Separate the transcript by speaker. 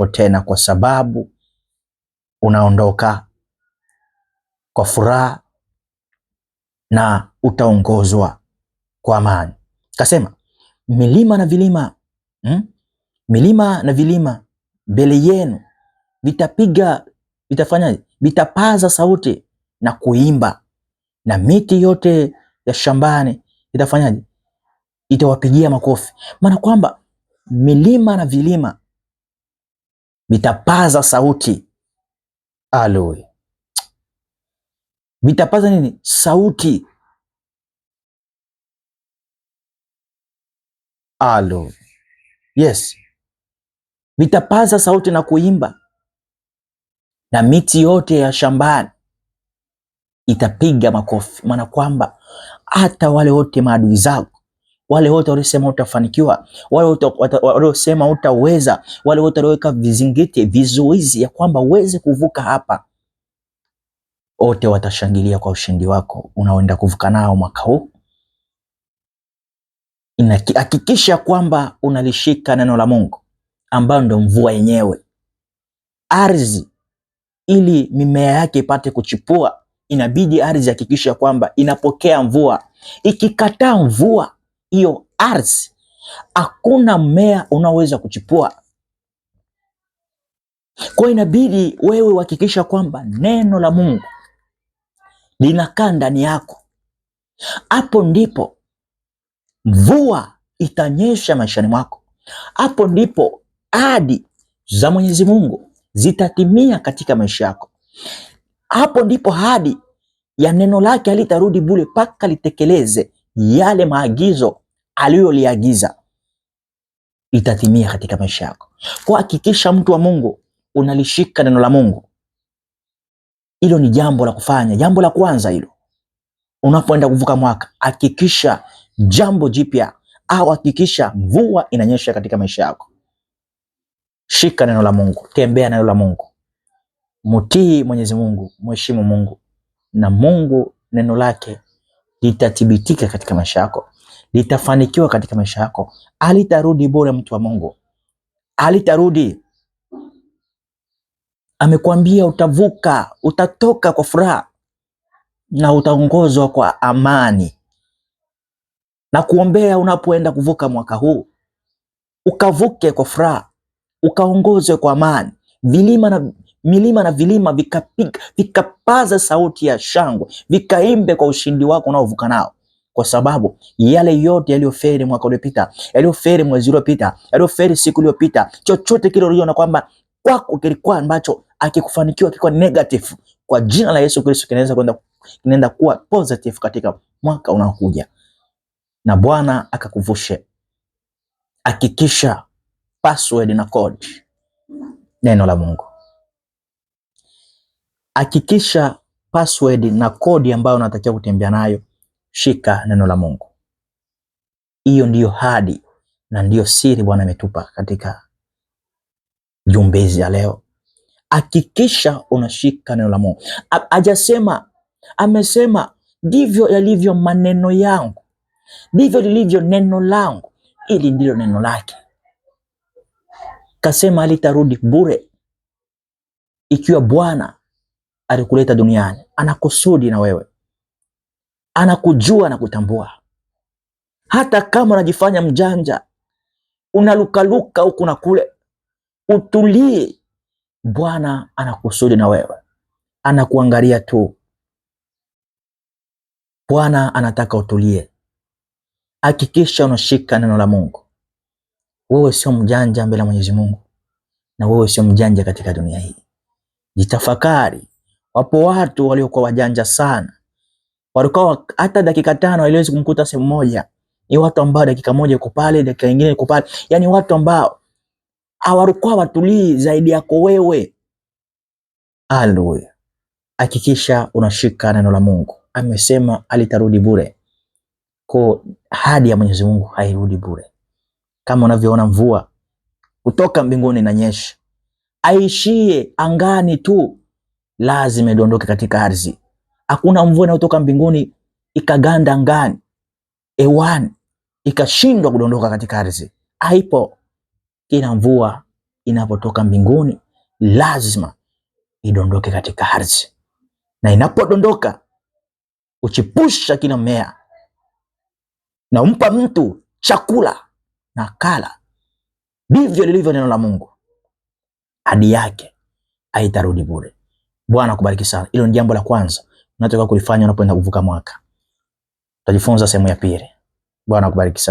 Speaker 1: kuwepo tena, kwa sababu unaondoka kwa furaha na utaongozwa kwa amani. Kasema milima na vilima hmm? milima na vilima mbele yenu vitapiga, vitafanya, Vitapaza sauti na kuimba, na miti yote ya shambani itafanyaje? Itawapigia makofi. Maana kwamba milima na vilima vitapaza sauti aloe, vitapaza nini? Sauti alo, yes, vitapaza sauti na kuimba, na miti yote ya shambani itapiga makofi, maana kwamba hata wale wote maadui zako wale wote waliosema utafanikiwa, wale wote waliosema utaweza, wale wote walioweka vizingiti, vizuizi ya kwamba uweze kuvuka hapa, wote watashangilia kwa ushindi wako unaoenda kuvuka nao mwaka huu. Hakikisha kwamba unalishika neno la Mungu ambayo ndio mvua yenyewe. Ardhi ili mimea yake ipate kuchipua, inabidi ardhi hakikisha kwamba inapokea mvua. Ikikataa mvua hiyo ardhi, hakuna mmea unaoweza kuchipua. Kwa inabidi wewe uhakikisha kwamba neno la Mungu linakaa ndani yako. Hapo ndipo mvua itanyesha maishani mwako, hapo ndipo ahadi za Mwenyezi Mungu zitatimia katika maisha yako. Hapo ndipo ahadi ya neno lake halitarudi bure, mpaka litekeleze yale maagizo aliyoliagiza itatimia katika maisha yako. Kwa hakikisha, mtu wa Mungu, unalishika neno la Mungu. Hilo ni jambo la kufanya, jambo la kwanza hilo. Unapoenda kuvuka mwaka, hakikisha jambo jipya au hakikisha mvua inanyesha katika maisha yako. Shika neno la Mungu, tembea neno la Mungu, mutii Mwenyezi Mungu, mheshimu Mungu na Mungu neno lake litathibitika katika maisha yako, litafanikiwa katika maisha yako. Alitarudi bora, mtu wa Mungu, alitarudi. Amekwambia utavuka, utatoka kwa furaha na utaongozwa kwa amani, na kuombea unapoenda kuvuka mwaka huu, ukavuke kwa furaha, ukaongozwe kwa amani vilima na milima na vilima vikapiga vikapaza sauti ya shangwe, vikaimbe kwa ushindi wako unaovuka nao, kwa sababu yale yote yaliyoferi mwaka uliopita, yaliyoferi mwezi uliopita, yaliyoferi siku iliyopita, chochote kile uliona kwamba kwako kilikuwa ambacho akikufanikiwa kilikuwa negative, kwa jina la Yesu Kristo kinaweza kwenda kinaenda kuwa positive katika mwaka unaokuja, na Bwana akakuvushe. Hakikisha password na code, neno la Mungu hakikisha password na kodi ambayo unatakiwa kutembea nayo. Shika neno la Mungu. Hiyo ndiyo hadi na ndiyo siri Bwana ametupa katika jumbezi ya leo. Hakikisha unashika neno la Mungu. Hajasema, amesema ndivyo yalivyo maneno yangu, ndivyo lilivyo neno langu, ili ndilo neno lake. Kasema alitarudi bure, ikiwa Bwana alikuleta duniani, anakusudi na wewe, anakujua na kutambua. Hata kama unajifanya mjanja, unalukaluka huku na kule, utulie. Bwana anakusudi na wewe, anakuangalia tu. Bwana anataka utulie. Hakikisha unashika neno la Mungu. Wewe sio mjanja mbele ya Mwenyezi Mungu, na wewe sio mjanja katika dunia hii. Jitafakari Wapo watu waliokuwa wajanja sana, walikuwa hata dakika tano haiwezi kumkuta sehemu moja. Ni watu ambao dakika moja iko pale, dakika nyingine iko pale, yani watu ambao hawarukwa watulii zaidi yako wewe. Haleluya! Hakikisha unashika neno la Mungu. Amesema alitarudi bure, kwa hadi ya Mwenyezi Mungu hairudi bure. Kama unavyoona mvua kutoka mbinguni inanyesha, aishie angani tu lazima idondoke katika ardhi. Hakuna mvua inayotoka mbinguni ikaganda ngani ewani ikashindwa kudondoka katika ardhi, haipo. Kila mvua inapotoka mbinguni lazima idondoke katika ardhi, na inapodondoka uchipusha kila mmea na umpa mtu chakula na kala. Ndivyo lilivyo neno la Mungu, hadi yake haitarudi bure. Bwana akubariki sana. Hilo ni jambo la kwanza unatakiwa kulifanya unapoenda kuvuka mwaka. Tutajifunza sehemu ya pili. Bwana akubariki sana.